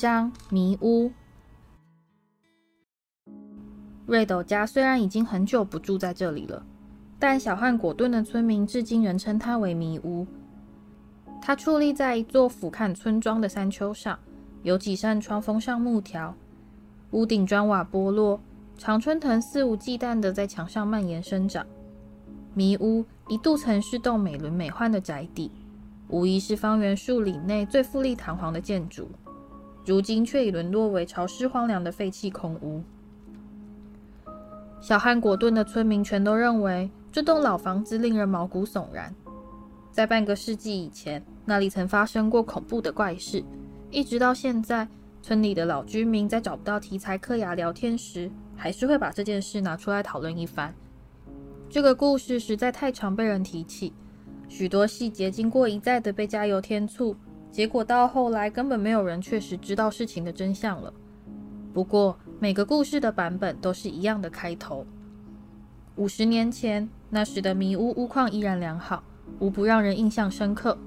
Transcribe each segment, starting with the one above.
章謎屋。瑞斗家雖然已經很久不住在這裡了，但小漢果頓的村民至今仍稱它為謎屋。它矗立在一座俯瞰村莊的山丘上，有幾扇窗封上木條，屋頂磚瓦剝落，常春藤肆無忌憚的在牆上蔓延生長。謎屋一度曾是棟美輪美奐的宅邸，無疑是方圓數里內最富麗堂皇的建築。如今卻已淪落為潮濕荒涼的廢棄空屋。小漢果頓的村民全都認為這棟老房子令人毛骨悚然。在半個世紀以前，那裡曾發生過恐怖的怪事，一直到現在，村裡的老居民在找不到題材嗑牙聊天時，還是會把這件事拿出來討論一番。這個故事實在太常被人提起，許多細節經過一再的被加油添醋。結果到後來，根本沒有人確實知道事情的真相了。不過，每個故事的版本都是一樣的開頭。五十年前，那時的謎屋屋況依然良好，無不讓人印象深刻。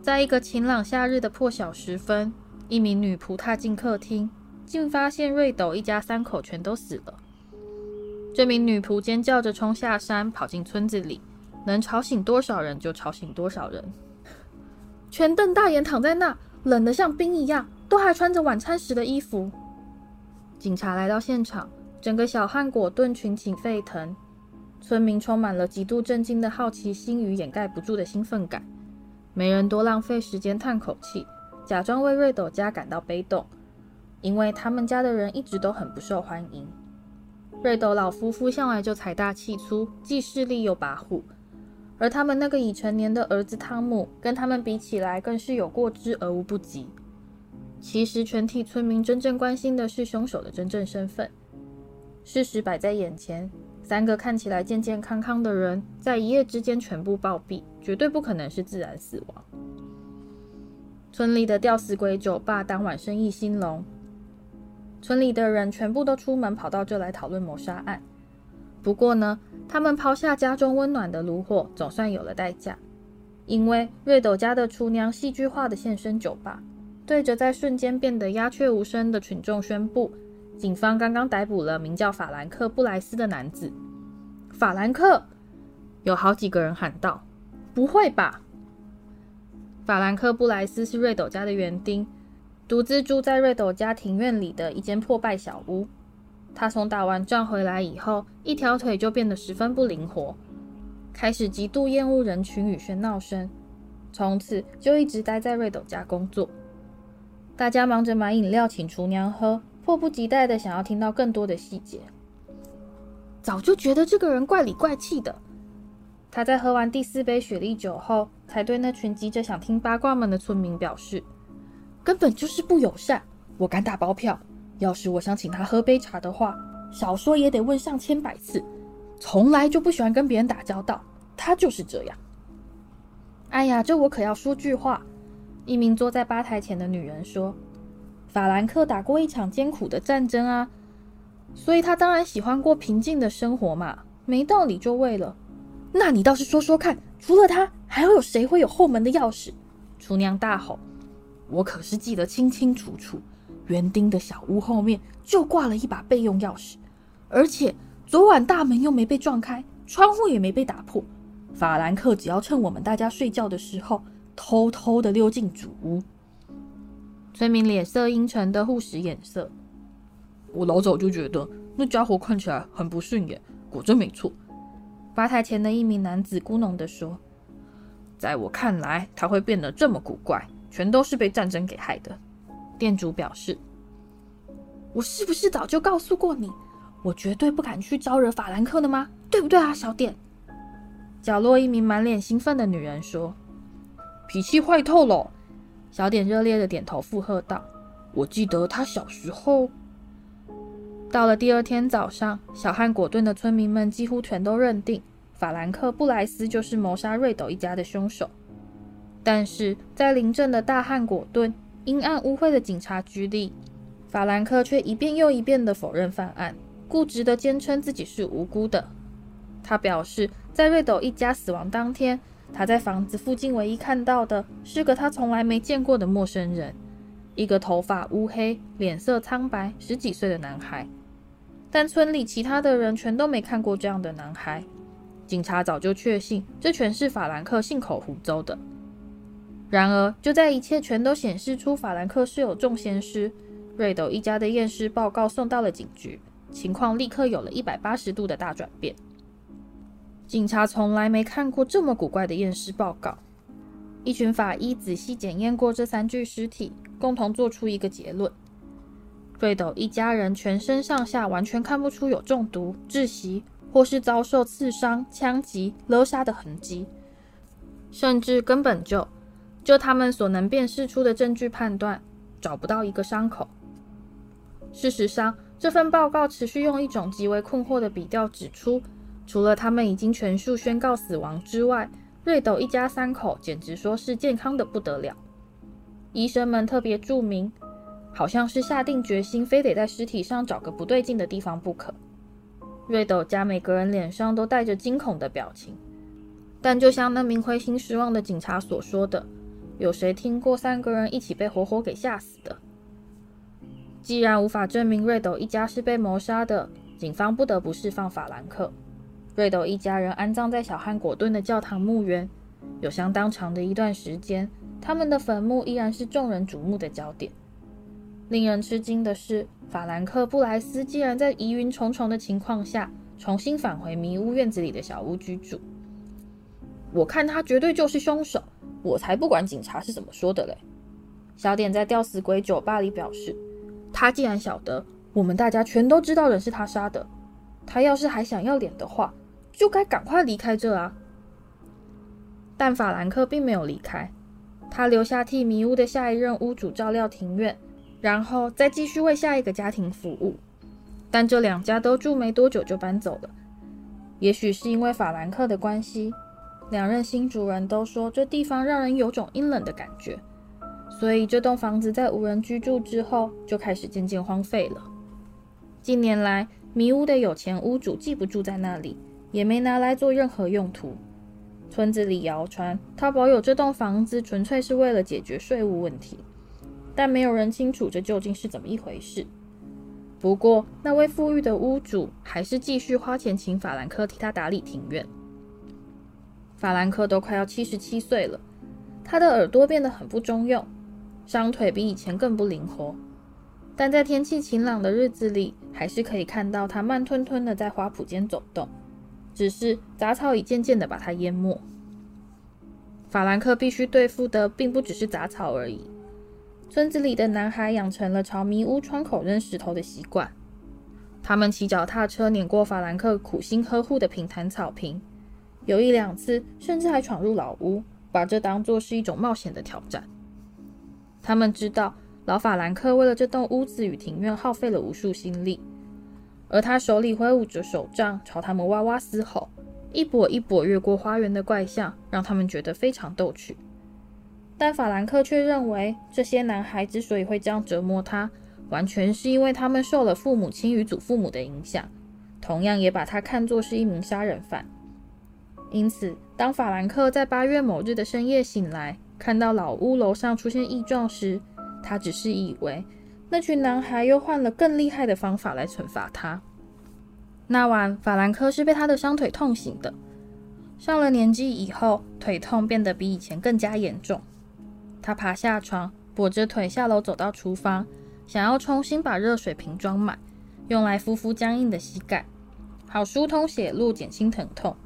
在一個晴朗夏日的破曉時分，一名女僕踏進客廳，竟發現瑞斗一家三口全都死了。這名女僕尖叫着衝下山，跑進村子裡，能吵醒多少人就吵醒多少人。全瞪大眼躺在那，冷得像冰一樣，都還穿着晚餐時的衣服。警察來到現場，整個小漢果頓群情沸騰，村民充滿了極度震驚的好奇心與掩蓋不住的興奮感。沒人多浪費時間嘆口氣，假裝為瑞斗家感到悲痛，因為他們家的人一直都很不受歡迎。瑞斗老夫婦向來就財大氣粗，既勢利又跋扈。而他們那個已成年的兒子湯姆，跟他們比起來，更是有過之而無不及。其實，全體村民真正關心的是凶手的真正身份。事實擺在眼前，三個看起來健健康康的人，在一夜之間全部暴斃，絕對不可能是自然死亡。村裡的吊死鬼酒吧當晚生意興隆，村裡的人全部都出門跑到這來討論謀殺案。不過呢，他們拋下家中溫暖的爐火，總算有了代價，因為瑞斗家的廚娘戲劇化的現身酒吧，對着在瞬間變得鴉雀無聲的群眾宣布，警方剛剛逮捕了名叫法蘭克·布萊斯的男子。法蘭克！有好幾個人喊道：“不會吧！”法蘭克·布萊斯是瑞斗家的園丁，獨自住在瑞斗家庭院裡的一間破敗小屋。他從打完仗回來以後，一條腿就變得十分不靈活，開始極度厭惡人群與喧鬧聲，從此就一直待在瑞斗家工作。大家忙着買飲料請廚娘喝，迫不及待地想要聽到更多的細節。早就覺得這個人怪裡怪氣的。他在喝完第四杯雪莉酒後，才對那群急着想聽八卦們的村民表示：“根本就是不友善，我敢打包票。”要是我想請他喝杯茶的話，少說也得問上千百次。從來就不喜歡跟別人打交道，他就是這樣。哎呀，這我可要說句話。”一名坐在吧台前的女人說，“法蘭克打過一場艱苦的戰爭啊，所以他當然喜歡過平靜的生活嘛，沒道理就為了。那你倒是說說看，除了他，還會有誰會有後門的鑰匙？”廚娘大吼，“我可是記得清清楚楚。”園丁的小屋後面就掛了一把備用鑰匙，而且昨晚大門又沒被撞開，窗戶也沒被打破。法蘭克只要趁我們大家睡覺的時候，偷偷的溜進主屋。村民臉色陰沉的互使眼色。我老早就覺得那家伙看起來很不順眼，果真沒錯。吧台前的一名男子咕哝的說：“在我看來，他會變得這麼古怪，全都是被戰爭給害的。”店主表示：“我是不是早就告訴過你，我絕對不敢去招惹法蘭克的嗎？對不對啊，小點？”角落一名滿臉興奮的女人說：“脾氣壞透了。”小點熱烈的點頭附和道：“我記得他小時候。”到了第二天早上，小漢果頓的村民們幾乎全都認定法蘭克·布萊斯就是謀殺瑞斗一家的凶手，但是在鄰鎮的大漢果頓。陰暗污穢的警察局裡，法蘭克卻一遍又一遍的否認犯案，固執的堅稱自己是無辜的。他表示，在瑞斗一家死亡當天，他在房子附近唯一看到的是個他從來沒見過的陌生人，一個頭髮烏黑、臉色蒼白、十幾歲的男孩。但村裡其他的人全都沒看過這樣的男孩。警察早就確信，這全是法蘭克信口胡謅的。然而，就在一切全都顯示出法蘭克是有重嫌時，瑞斗一家的驗屍報告送到了警局，情況立刻有了一百八十度的大轉變。警察從來沒看過這麼古怪的驗屍報告。一群法醫仔細檢驗過這三具屍體，共同做出一個結論：瑞斗一家人全身上下完全看不出有中毒、窒息，或是遭受刺傷、槍擊、勒殺的痕跡，甚至根本就……就他們所能辨識出的證據判斷，找不到一個傷口。事實上，這份報告持續用一種極為困惑的筆調指出，除了他們已經全數宣告死亡之外，瑞斗一家三口簡直說是健康的不得了。醫生們特別注明，好像是下定決心非得在屍體上找個不對勁的地方不可。瑞斗家每個人臉上都帶着驚恐的表情，但就像那名灰心失望的警察所說的。有誰聽過三個人一起被活活給嚇死的？既然無法證明瑞斗一家是被謀殺的，警方不得不釋放法蘭克。瑞斗一家人安葬在小漢果頓的教堂墓園，有相當長的一段時間，他們的墳墓依然是眾人矚目的焦點。令人吃驚的是，法蘭克·布萊斯竟然在疑雲重重的情況下重新返回謎屋院子裡的小屋居住。我看他絕對就是兇手。我才不管警察是怎麼說的嘞！小點在吊死鬼酒吧裡表示，他既然曉得我們大家全都知道人是他殺的，他要是還想要臉的話，就該趕快離開這啊！但法蘭克並沒有離開，他留下替謎屋的下一任屋主照料庭院，然後再繼續為下一個家庭服務。但這兩家都住沒多久就搬走了，也許是因為法蘭克的關係。兩任新主人都說，這地方讓人有種陰冷的感覺，所以這棟房子在無人居住之後就開始漸漸荒廢了。近年來，謎屋的有錢屋主既不住在那裡，也沒拿來做任何用途。村子裡謠傳，他保有這棟房子純粹是為了解決稅務問題，但沒有人清楚這究竟是怎麼一回事。不過，那位富裕的屋主還是繼續花錢請法蘭克替他打理庭院。法蘭克都快要七十七歲了，他的耳朵變得很不中用，傷腿比以前更不靈活。但在天氣晴朗的日子裡，還是可以看到他慢吞吞地在花圃間走動，只是雜草已漸漸地把他淹沒。法蘭克必須對付的並不只是雜草而已。村子裡的男孩養成了朝謎屋窗口扔石頭的習慣，他們騎腳踏車碾過法蘭克苦心呵護的平坦草坪。有一兩次，甚至還闖入老屋，把這當作是一種冒險的挑戰。他們知道老法蘭克為了這棟屋子與庭院耗費了無數心力，而他手裡揮舞着手杖，朝他們哇哇嘶吼，一跛一跛越過花園的怪象，讓他們覺得非常逗趣。但法蘭克卻認為，這些男孩之所以會這樣折磨他，完全是因為他們受了父母親與祖父母的影響，同樣也把他看作是一名殺人犯。因此，當法蘭克在八月某日的深夜醒來，看到老屋樓上出現異狀時，他只是以為那群男孩又換了更厲害的方法來懲罰他。那晚，法蘭克是被他的傷腿痛醒的。上了年紀以後，腿痛變得比以前更加嚴重。他爬下床，跛着腿下樓，走到廚房，想要重新把熱水瓶裝滿，用來敷敷僵硬的膝蓋，好疏通血路，減輕疼痛。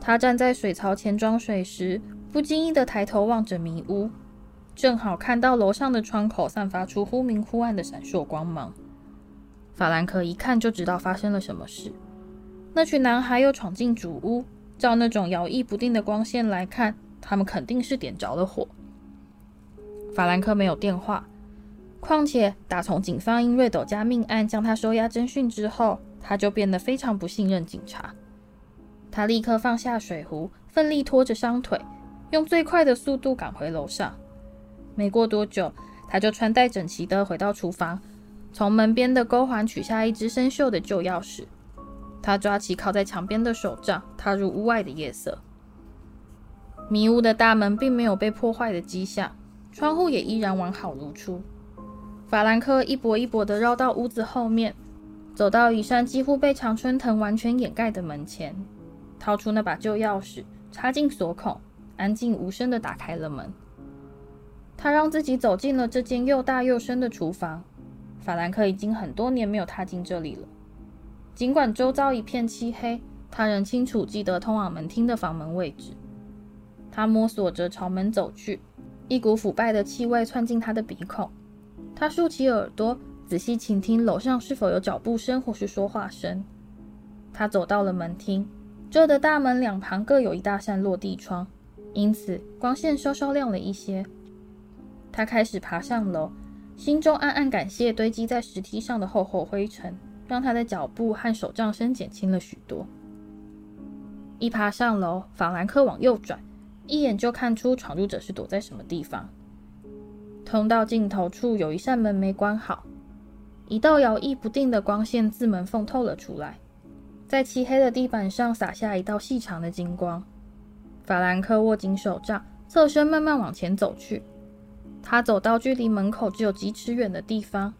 他站在水槽前裝水時，不經意地抬頭望着謎屋，正好看到樓上的窗口散發出忽明忽暗的閃爍光芒。法蘭克一看就知道發生了什麼事。那群男孩又闖進主屋，照那種搖曳不定的光線來看，他們肯定是點着了火。法蘭克沒有電話，況且打從警方因瑞斗家命案將他收押偵訊之後，他就變得非常不信任警察。他立刻放下水壺，奮力拖着傷腿，用最快的速度趕回樓上。沒過多久，他就穿戴整齊地回到廚房，從門邊的鈎環取下一只生鏽的舊鑰匙。他抓起靠在牆邊的手杖，踏入屋外的夜色。謎屋的大門並沒有被破壞的跡象，窗戶也依然完好如初。法蘭克一跛一跛地繞到屋子後面，走到一扇幾乎被常春藤完全掩蓋的門前。掏出那把舊鑰匙，插進鎖孔，安靜無聲地打開了門。他讓自己走進了這間又大又深的廚房。法蘭克已經很多年沒有踏進這裡了。儘管周遭一片漆黑，他仍清楚記得通往門廳的房門位置。他摸索着朝門走去，一股腐敗的氣味竄進他的鼻孔。他豎起耳朵，仔細傾聽樓上是否有腳步聲或是說話聲。他走到了門廳。這的大門兩旁各有一大扇落地窗，因此光線稍稍亮了一些。他開始爬上樓，心中暗暗感謝堆積在石梯上的厚厚灰塵，讓他的腳步和手杖聲減輕了許多。一爬上樓，法蘭克往右轉，一眼就看出闖入者是躲在什麼地方。通道盡頭處有一扇門沒關好，一道搖曳不定的光線自門縫透了出來。在漆黑的地板上灑下一道細長的金光，法蘭克握緊手杖，側身慢慢往前走去。他走到距離門口只有幾尺遠的地方，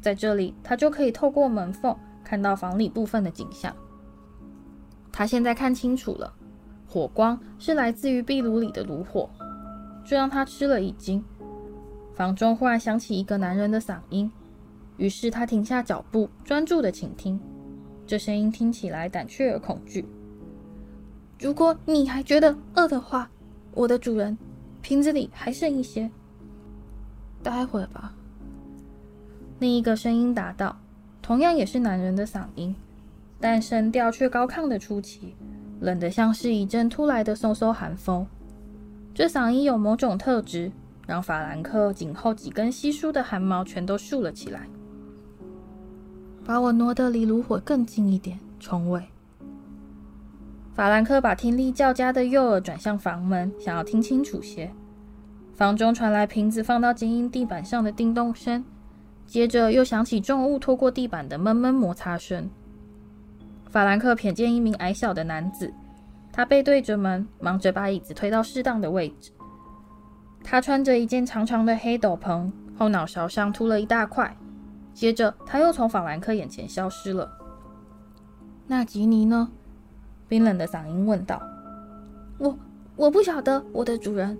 在這裡，他就可以透過門縫看到房裡部分的景象。他現在看清楚了，火光是來自於壁爐裡的爐火，這讓他吃了一驚。房中忽然響起一個男人的嗓音，於是他停下腳步，專注地傾聽。這聲音聽起來膽怯而恐懼。如果你還覺得餓的話，我的主人，瓶子裡還剩一些。待會兒吧。另一個聲音答道，同樣也是男人的嗓音，但聲調卻高亢得出奇，冷得像是一陣突來的嗖嗖寒風。這嗓音有某種特質，讓法蘭克頸後幾根稀疏的寒毛全都豎了起來。把我挪得離爐火更近一點，蟲尾。法蘭克把聽力較佳的右耳轉向房門，想要聽清楚些。房中傳來瓶子放到堅硬地板上的叮咚聲，接着又響起重物拖過地板的悶悶摩擦聲。法蘭克瞥見一名矮小的男子，他背對着門，忙着把椅子推到適當的位置。他穿着一件長長的黑斗篷，後腦勺上禿了一大塊。接着，他又從法蘭克眼前消失了。納吉尼呢？冰冷的嗓音問道。“我，我不曉得，我的主人。”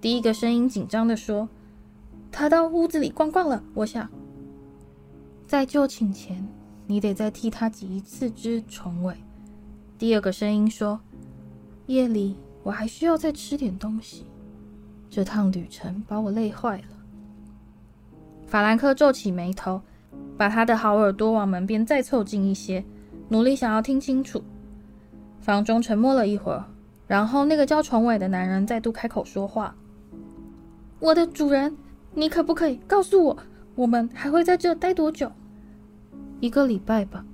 第一個聲音緊張地說。“他到屋子裡逛逛了，我想。”在就寢前，你得再替他擠一次只蟲尾。第二個聲音說。“夜裡，我還需要再吃點東西。這趟旅程把我累壞了。”法蘭克皺起眉頭，把他的好耳朵往門邊再湊近一些，努力想要聽清楚。房中沉默了一會兒，然後那個叫蟲尾的男人再度開口說話：“我的主人，你可不可以告訴我，我們還會在這待多久？一個禮拜吧。”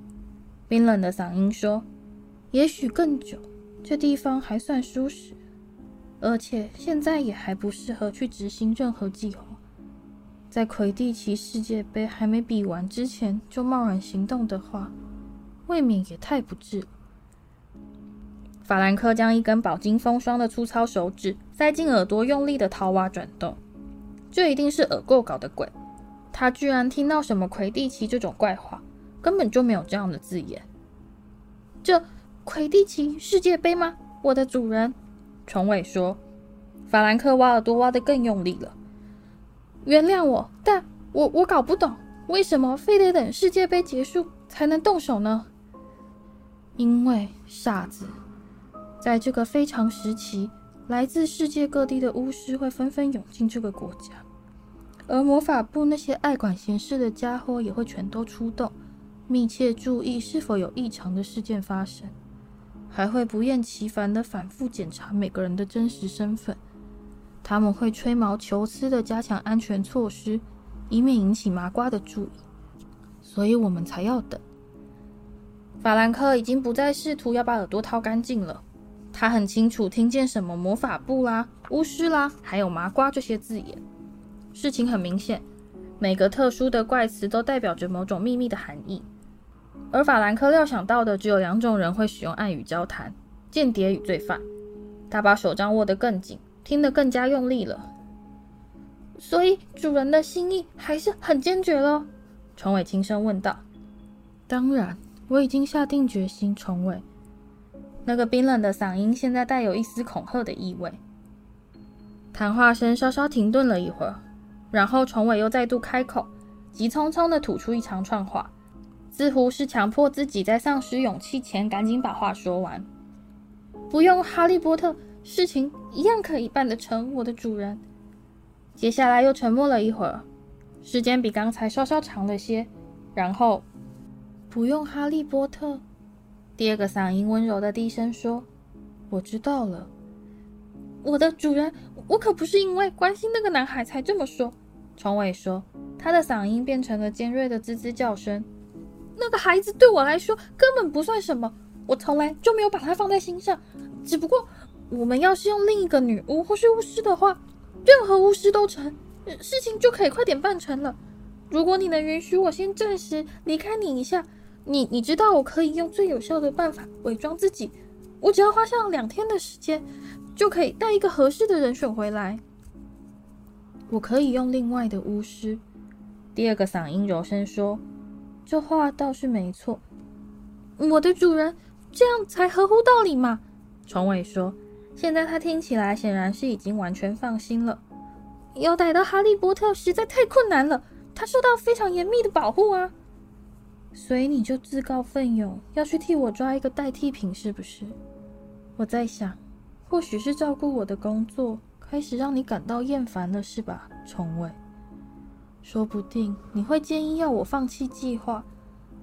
冰冷的嗓音說：“也許更久。這地方還算舒適，而且現在也還不適合去執行任何計劃。”在魁地奇世界杯還沒比完之前就貿然行動的話，未免也太不智。法蘭克將一根飽經風霜的粗糙手指塞進耳朵，用力的掏挖轉動。這一定是耳垢搞的鬼。他居然聽到什麼“魁地奇”這種怪話，根本就沒有這樣的字眼。這魁地奇世界杯嗎？我的主人，蟲尾說。法蘭克挖耳朵挖得更用力了。原諒我，但我我搞不懂為什麼非得等世界杯結束才能動手呢？因為傻子，在這個非常時期，來自世界各地的巫師會紛紛湧進這個國家，而魔法部那些愛管閒事的傢伙也會全都出動，密切注意是否有異常的事件發生，還會不厭其煩地反覆檢查每個人的真實身份。他們會吹毛求疵的加強安全措施，以免引起麻瓜的注意，所以我們才要等。法蘭克已經不再試圖要把耳朵掏乾淨了，他很清楚聽見什麼魔法部啦、巫師啦，還有麻瓜這些字眼。事情很明顯，每個特殊的怪詞都代表着某種秘密的含義。而法蘭克料想到的只有兩種人會使用暗語交談：間諜與罪犯。他把手杖握得更緊。聽得更加用力了，所以主人的心意還是很堅決嘍？蟲尾輕聲問道：“當然，我已經下定決心。”蟲尾那個冰冷的嗓音現在帶有一絲恐嚇的意味。談話聲稍稍停頓了一會兒，然後蟲尾又再度開口，急匆匆地吐出一長串話，似乎是強迫自己在喪失勇氣前趕緊把話說完。不用哈利波特。事情一樣可以辦得成，我的主人。接下來又沉默了一會兒，時間比剛才稍稍長了些。然後，不用哈利波特。第二個嗓音溫柔地低聲說：“我知道了，我的主人，我可不是因為關心那個男孩才這麼說。”蟲尾說，他的嗓音變成了尖銳的吱吱叫聲。那個孩子對我來說根本不算什麼，我從來就沒有把他放在心上。只不過。我們要是用另一個女巫，或是巫師的話，任何巫師都成，事情就可以快點辦成了。如果你能允許我先暫時離開你一下，你你知道，我可以用最有效的辦法偽裝自己，我只要花上兩天的時間，就可以帶一個合適的人選回來。我可以用另外的巫師。”第二個嗓音柔聲說，“這話倒是沒錯，我的主人，這樣才合乎道理嘛。”蟲尾說。現在他聽起來顯然是已經完全放心了。要逮到哈利波特實在太困難了，他受到非常嚴密的保護啊。所以你就自告奮勇要去替我抓一個代替品，是不是？我在想，或許是照顧我的工作開始讓你感到厭煩了，是吧，蟲尾？說不定你會建議要我放棄計劃，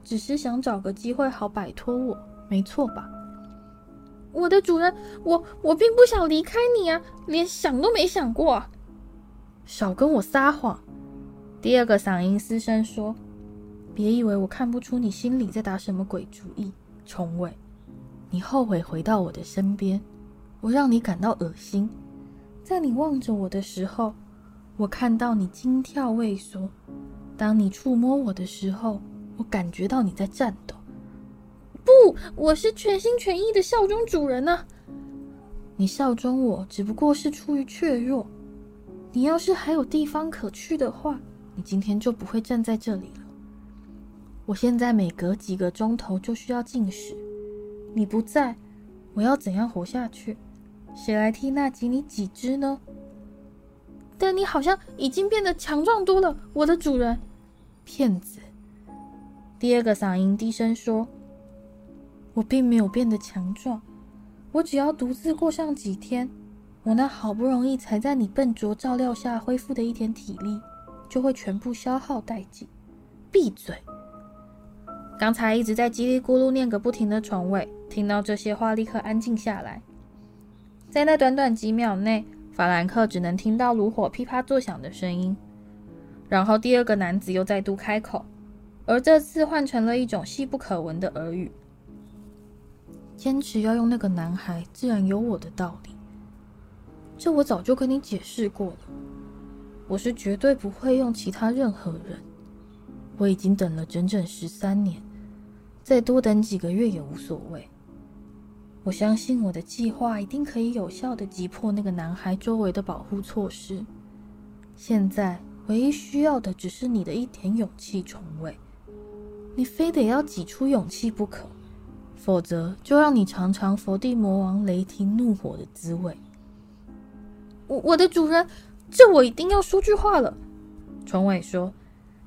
只是想找個機會好擺脫我，沒錯吧？我的主人，我我並不想離開你啊，連想都沒想過。少跟我撒謊！第二個嗓音嘶聲說：“別以為我看不出你心裡在打什麼鬼主意，蟲尾，你後悔回到我的身邊，我讓你感到惡心。在你望着我的時候，我看到你驚跳畏縮；當你觸摸我的時候，我感覺到你在戰。”我是全心全意的效忠主人呢、啊。你效忠我只不過是出於怯弱，你要是還有地方可去的話，你今天就不會站在這裡了。我現在每隔幾個鐘頭就需要進食。你不在，我要怎樣活下去？誰來替納吉尼幾只呢？但你好像已經變得強壯多了，我的主人。騙子。第二個嗓音低聲說。我並沒有變得強壯，我只要獨自過上幾天，我那好不容易才在你笨拙照料下恢復的一點體力，就會全部消耗殆盡。閉嘴！剛才一直在嘰里咕嚕念個不停的蟲尾，聽到這些話立刻安靜下來。在那短短幾秒內，法蘭克只能聽到爐火噼啪作響的聲音，然後第二個男子又再度開口，而這次換成了一種細不可聞的耳語。堅持要用那個男孩，自然有我的道理。這我早就跟你解釋過了，我是絕對不會用其他任何人。我已經等了整整十三年，再多等幾個月也無所謂。我相信我的計劃一定可以有效的擊破那個男孩周圍的保護措施。現在唯一需要的只是你的一點勇氣，蟲尾，你非得要擠出勇氣不可。否則，就讓你嘗嘗佛地魔王雷霆怒火的滋味。我我的主人，這我一定要說句話了。蟲尾說，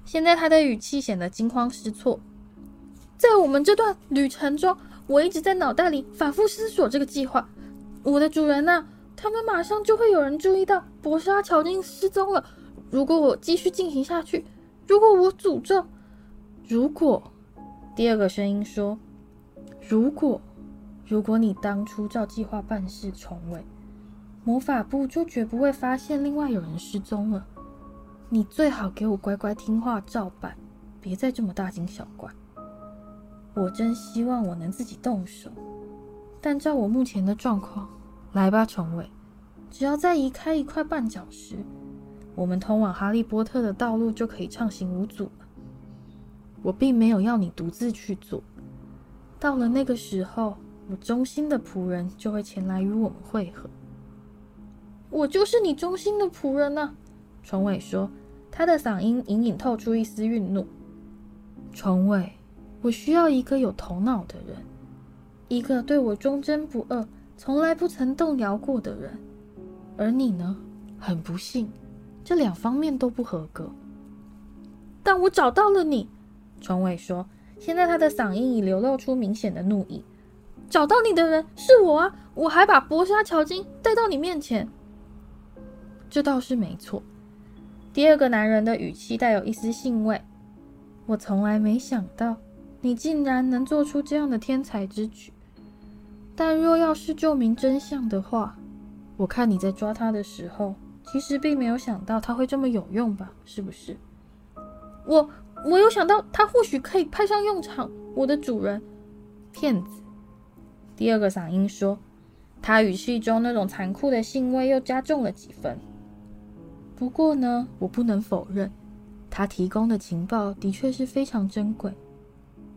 現在他的語氣顯得驚慌失措。在我們這段旅程中，我一直在腦袋裡反覆思索這個計劃。我的主人呢、啊？他們馬上就會有人注意到柏莎‧喬金失蹤了。如果我繼續進行下去，如果我詛咒，如果第二個聲音說。如果，如果你當初照計劃辦事，蟲尾，魔法部就絕不會發現另外有人失蹤了。你最好給我乖乖聽話，照辦，別再這麼大驚小怪。我真希望我能自己動手，但照我目前的狀況，來吧，蟲尾，只要再移開一塊絆腳石，我們通往哈利波特的道路就可以暢行無阻了。我並沒有要你獨自去做。到了那個時候，我忠心的僕人就會前來與我們會合。我就是你忠心的僕人吶、啊，蟲尾說，他的嗓音隱隱透出一絲慍怒。蟲尾，我需要一個有頭腦的人，一個對我忠貞不二、從來不曾動搖過的人。而你呢，很不幸，這兩方面都不合格。但我找到了你，蟲尾說。現在他的嗓音已流露出明顯的怒意。找到你的人是我啊，我還把柏莎喬金帶到你面前。這倒是沒錯。第二個男人的語氣帶有一絲興味。我從來沒想到你竟然能做出這樣的天才之舉。但若要是證明真相的話，我看你在抓他的時候，其實並沒有想到他會這麼有用吧？是不是？我。我有想到，他或許可以派上用場。我的主人。騙子。第二個嗓音說，他語氣中那種殘酷的興味又加重了幾分。不過呢，我不能否認，他提供的情報的確是非常珍貴。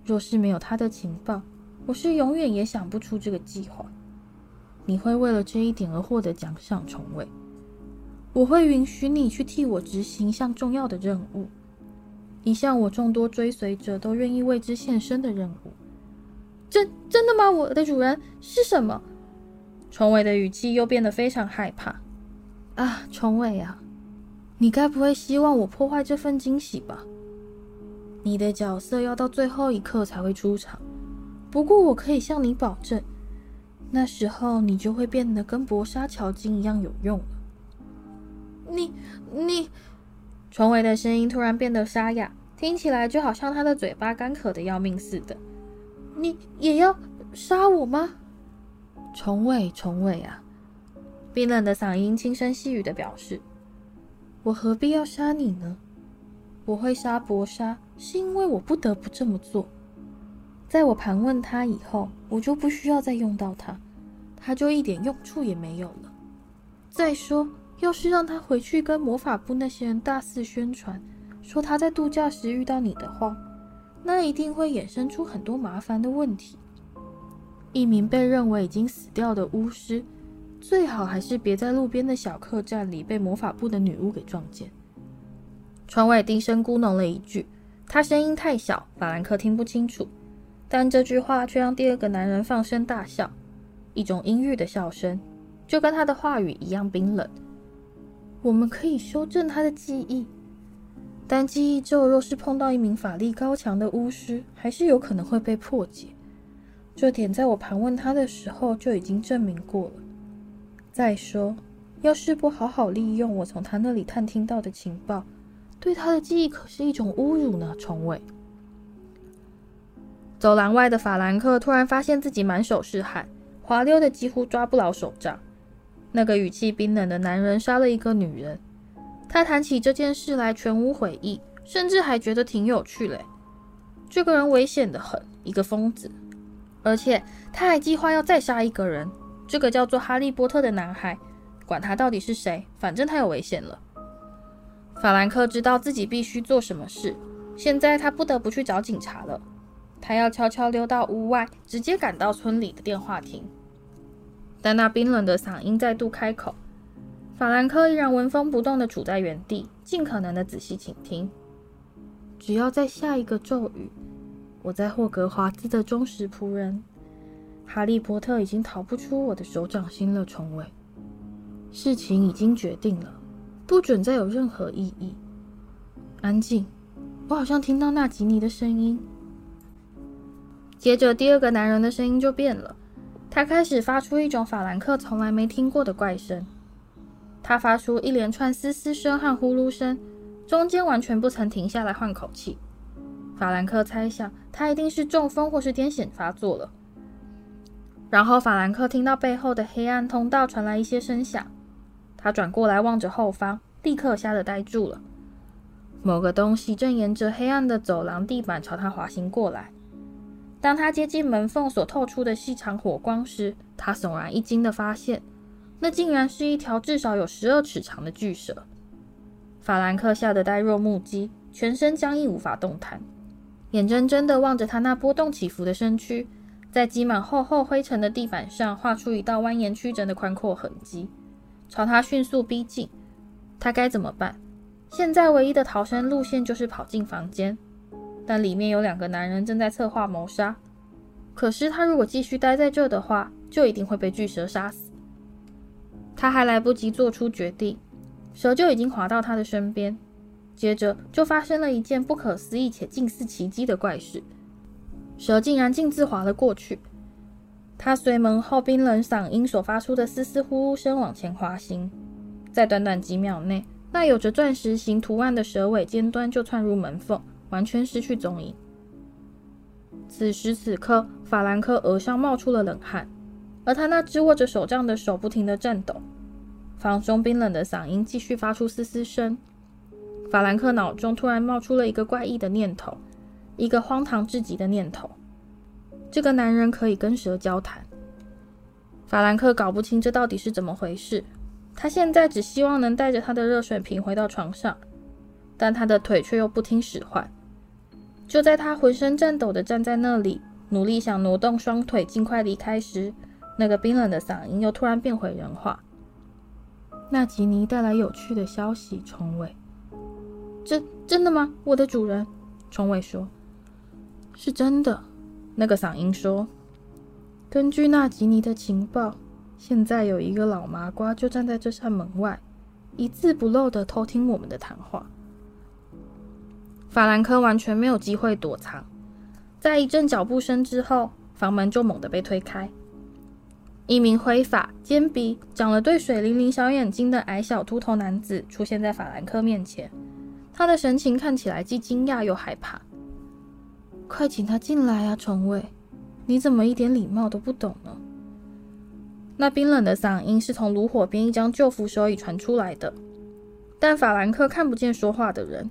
若是沒有他的情報，我是永遠也想不出這個計劃。你會為了這一點而獲得獎賞，蟲尾。我會允許你去替我執行一項重要的任務。一項我眾多追隨者都願意為之獻身的任務，真真的嗎？我的主人是什麼？蟲尾的語氣又變得非常害怕。啊，蟲尾啊，你該不會希望我破壞這份驚喜吧？你的角色要到最後一刻才會出場，不過我可以向你保證，那時候你就會變得跟柏莎喬金一樣有用了。你你。蟲尾的聲音突然變得沙啞，聽起來就好像他的嘴巴乾渴得要命似的。你也要殺我嗎？蟲尾、蟲尾啊！冰冷的嗓音輕聲細語地表示：“我何必要殺你呢？我會殺柏莎，是因為我不得不這麼做。在我盤問他以後，我就不需要再用到他，他就一點用處也沒有了。再說……”要是讓他回去跟魔法部那些人大肆宣傳，說他在度假時遇到你的話，那一定會衍生出很多麻煩的問題。一名被認為已經死掉的巫師，最好還是別在路邊的小客棧裡被魔法部的女巫給撞見。窗外低聲咕噥了一句，他聲音太小，法蘭克聽不清楚，但這句話卻讓第二個男人放聲大笑，一種陰鬱的笑聲，就跟他的話語一樣冰冷。我們可以修正他的記憶，但記憶咒若是碰到一名法力高強的巫師，還是有可能會被破解。這點在我盤問他的時候就已經證明過了。再說，要是不好好利用我從他那裡探聽到的情報，對他的記憶可是一種侮辱呢。蟲尾。走廊外的法蘭克突然發現自己滿手是汗，滑溜的幾乎抓不牢手杖。那個語氣冰冷的男人殺了一個女人，他談起這件事來全無悔意，甚至還覺得挺有趣嘞。這個人危險得很，一個瘋子，而且他還計劃要再殺一個人。這個叫做哈利波特的男孩，管他到底是誰，反正他有危險了。法蘭克知道自己必須做什麼事，現在他不得不去找警察了。他要悄悄溜到屋外，直接趕到村裡的電話亭。但那冰冷的嗓音再度開口，法蘭克依然紋風不動地杵在原地，盡可能地仔細傾聽。只要再下一個咒語，我在霍格華茲的忠實僕人哈利波特已經逃不出我的手掌心了。蟲尾，事情已經決定了，不准再有任何異議。安靜，我好像聽到納吉尼的聲音。接着，第二個男人的聲音就變了。他開始發出一種法蘭克從來沒聽過的怪聲，他發出一連串嘶嘶聲和呼嚕聲，中間完全不曾停下來換口氣。法蘭克猜想他一定是中風或是癲癇發作了。然後法蘭克聽到背後的黑暗通道傳來一些聲響，他轉過來望着後方，立刻嚇得呆住了。某個東西正沿着黑暗的走廊地板朝他滑行過來。當他接近門縫所透出的細長火光時，他悚然一驚地發現，那竟然是一條至少有十二尺長的巨蛇。法蘭克嚇得呆若木雞，全身僵硬無法動彈，眼睜睜地望着他那波動起伏的身軀，在積滿厚厚灰塵的地板上畫出一道蜿蜒曲折的寬闊痕跡，朝他迅速逼近。他該怎麼辦？現在唯一的逃生路線就是跑進房間。但裡面有兩個男人正在策劃謀殺。可是他如果繼續待在這的話，就一定會被巨蛇殺死。他還來不及做出決定，蛇就已經滑到他的身邊。接着就發生了一件不可思議且近似奇蹟的怪事：蛇竟然徑自滑了過去。他隨門後冰冷嗓音所發出的嘶嘶呼呼聲往前滑行，在短短幾秒內，那有着鑽石形圖案的蛇尾尖端就竄入門縫。完全失去蹤影。此時此刻，法蘭克額上冒出了冷汗，而他那隻握着手杖的手不停地顫抖。房中冰冷的嗓音繼續發出嘶嘶聲。法蘭克腦中突然冒出了一個怪異的念頭，一個荒唐至極的念頭：這個男人可以跟蛇交談。法蘭克搞不清這到底是怎麼回事，他現在只希望能帶着他的熱水瓶回到床上，但他的腿卻又不聽使喚。就在他渾身顫抖的站在那裡，努力想挪動雙腿儘快離開時，那個冰冷的嗓音又突然變回人話。納吉尼帶來有趣的消息，蟲尾。真真的嗎？我的主人，蟲尾說，是真的。那個嗓音說，根據納吉尼的情報，現在有一個老麻瓜就站在這扇門外，一字不漏的偷聽我們的談話。法蘭克完全沒有機會躲藏，在一陣腳步聲之後，房門就猛地被推開。一名灰髮、尖鼻、長了對水靈靈小眼睛的矮小禿頭男子出現在法蘭克面前，他的神情看起來既驚訝又害怕。快請他進來啊，蟲尾，你怎麼一點禮貌都不懂呢？那冰冷的嗓音是從爐火邊一張舊扶手椅傳出來的，但法蘭克看不見說話的人。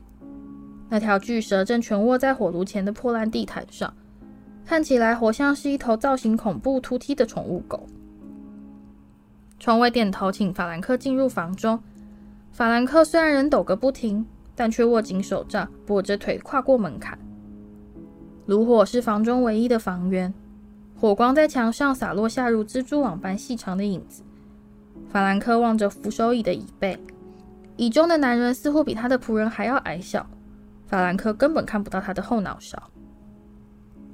那條巨蛇正蜷臥在火爐前的破爛地毯上，看起來活像是一頭造型恐怖、突梯的寵物狗。窗外點頭，請法蘭克進入房中。法蘭克雖然人抖個不停，但卻握緊手杖，跛着腿跨過門檻。爐火是房中唯一的房源，火光在牆上灑落下如蜘蛛網般細長的影子。法蘭克望着扶手椅的椅背，椅中的男人似乎比他的僕人還要矮小。法蘭克根本看不到他的後腦勺。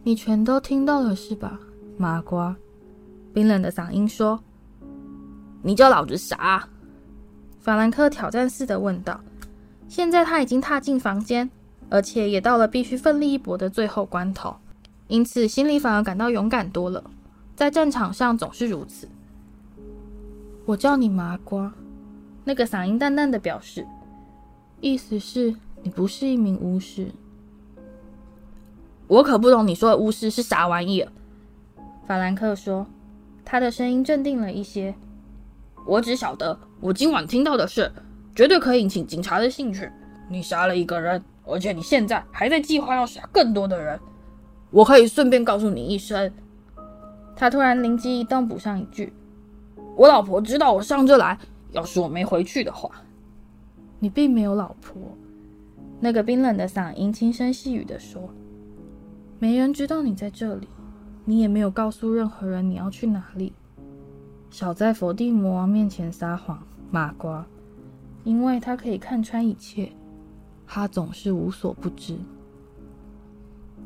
你全都聽到了是吧？麻瓜，冰冷的嗓音說：“你叫老子啥？”法蘭克挑戰似的問道：“現在他已經踏進房間，而且也到了必須奮力一搏的最後關頭，因此心裡反而感到勇敢多了。在戰場上總是如此。”我叫你麻瓜，那個嗓音淡淡的表示，意思是。你不是一名巫師，我可不懂你說的巫師是啥玩意兒。”法蘭克說，他的聲音鎮定了一些。我只曉得，我今晚聽到的事絕對可以引起警察的興趣。你殺了一個人，而且你現在還在計劃要殺更多的人。我可以順便告訴你一聲。”他突然靈機一動，補上一句：“我老婆知道我上這來，要是我沒回去的話，你並沒有老婆。”那個冰冷的嗓音輕聲細語地說：“沒人知道你在這裡，你也沒有告訴任何人你要去哪裡。少在佛地魔王面前撒謊，麻瓜，因為他可以看穿一切，他總是無所不知。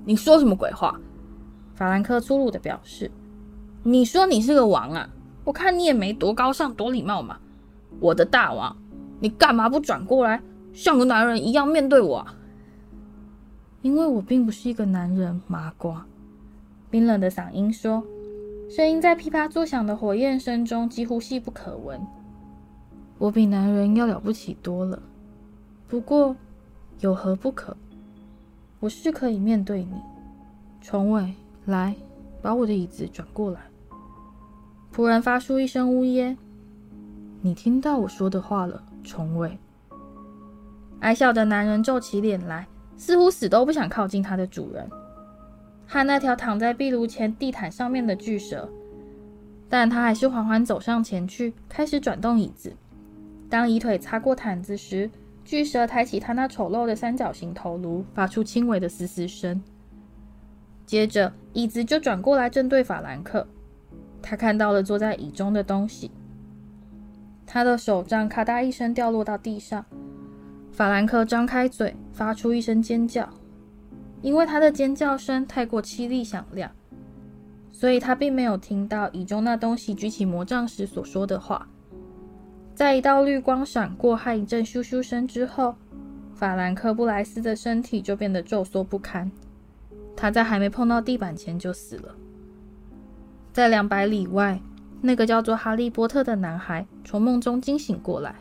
你說什麼鬼話？”法蘭克粗魯地表示：“你說你是個王啊？我看你也沒多高尚，多禮貌嘛。我的大王，你幹嘛不轉過來？”像個男人一樣面對我，啊，因為我並不是一個男人。麻瓜，冰冷的嗓音說，聲音在噼啪作響的火焰聲中幾乎細不可聞。我比男人要了不起多了，不過有何不可？我是可以面對你，蟲尾。來，把我的椅子轉過來。僕人發出一聲嗚咽。你聽到我說的話了，蟲尾。矮小的男人皺起臉來，似乎死都不想靠近他的主人和那條躺在壁爐前地毯上面的巨蛇。但他還是緩緩走上前去，開始轉動椅子。當椅腿擦過毯子時，巨蛇抬起他那醜陋的三角形頭顱，發出輕微的嘶嘶聲。接着，椅子就轉過來正對法蘭克。他看到了坐在椅中的東西。他的手杖咔嗒一聲掉落到地上。法蘭克張開嘴，發出一聲尖叫。因為他的尖叫聲太過淒厲響亮，所以他並沒有聽到椅中那東西舉起魔杖時所說的話。在一道綠光閃過和一陣咻咻聲之後，法蘭克·布萊斯的身體就變得皺縮不堪，他在還沒碰到地板前就死了。在兩百里外，那個叫做哈利·波特的男孩從夢中驚醒過來。